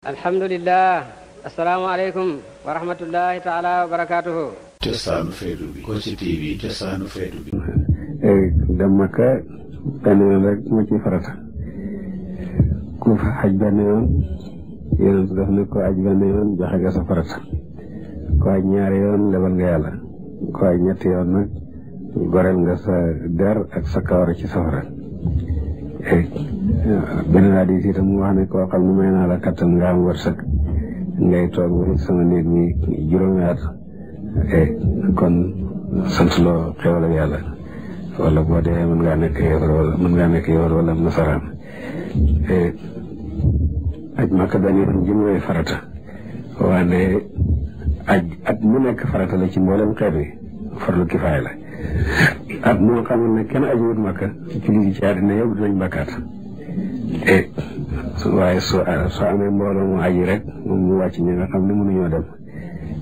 alhamdulilah asalaamaaleykum wa rahmatullahi taala wa barakaatuhu cosaanu feetu bi eh, Kossy TV yoon rek moo farata ku fa xaj benn yoon yonent daf ne ko aj benn yoon joxe nga farata ko aj ñaari yoon lebal nga yàlla ko aj ñetti yoon nag goreel nga sa der ak sa kawar ci safara Eh, benn hadiis itam mu wax ne koo ne may kattan nga am wërsëg ngay toog ba sama néeg mi juróomi at eh, kon sant loo xewal ak yàlla wala boo dee mën ngaa nekk yowar wala mën ngaa nekk yowar wala nasaraan eh, aj màkk dani jëmwee farata waane aj at mu nekk farata la ci mboolem xeet wi farlu kifaay la at moo xamoon ne kenn ajuwut makka ci jullit ci àddina yëpp dinañ bakkaat e waaye soo ah, soo amee mu aji rek moom mu wàcc ñi nga xam ne mënuñoo dem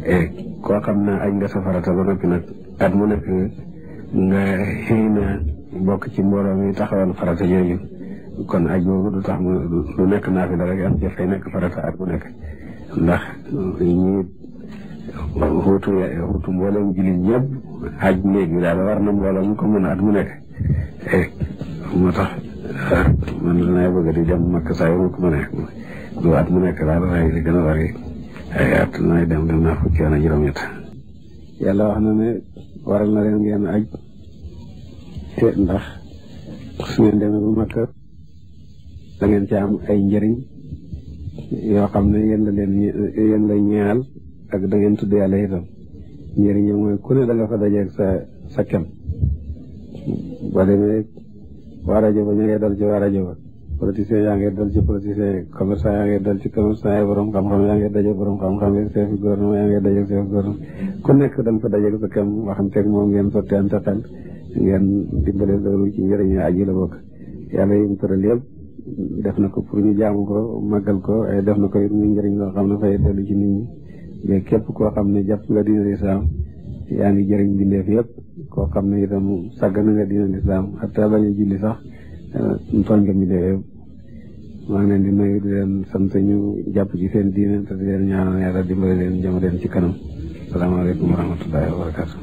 e koo xam ne aj nga safarata ba noppi nag at mu nekk nga xëy na bokk ci mbooloo mi taxawal farata jooju kon aj boobu du tax mu lu nekk naa fi rek am ci fay nekk farata at mu nekk ndax ñi xuutu xuutu mboolem jullit ñëpp xaj néeg bi daal war na mboolem ko mën a at mu nekk eh, moo tax ah, man danaa bëgg di dem makk saa yu ma ko mënee du at mu nekk daal waaye gën a bari nay dem dem naa fukki yoon ak juróom wax na ne waral na leen ngeen aj ndax ngeen demee bu makk da ngeen ci am ay njëriñ yoo xam ne yéen la leen ak da ngeen tuddee yàlla itam njëriñam mooy ku ne da nga fa dajeeg sa sa kem boo demee waa rajo ba ñu ngay dal ci waa rajo ba politicien yaa ngi dal ci politicien yi commerçant yaa ngi dal ci commerçant yi borom xam-xam yaa ngi daje borom xam-xam yi chef gouvernement yaa ngi daje chef gouvernement ku nekk da nga fa dajeeg sa kem waxanteeg moom ngeen sotti am sa ngeen dimbale loolu ci njëriñu aji la bokk yàlla yi mu tëral yëpp def na ko pour ñu jaamu ko màggal ko ay def na ko it muy njëriñ loo xam ne fay dellu ci nit ñi léegi képp koo xam ne jàpp nga diina lislaam yaa ngi jëriñ bindeef yëpp koo xam ne itam sàggan nga diina lislaam xataa bañ a julli sax eh, tooñ nga bindeef yëpp maa ngi leen di nuyu di leen sant ñu jàpp seen diine te di leen ñaanal yàlla dimbali leen jëma ci kanam salaamaaleykum wa rahmatullahi wa barakatu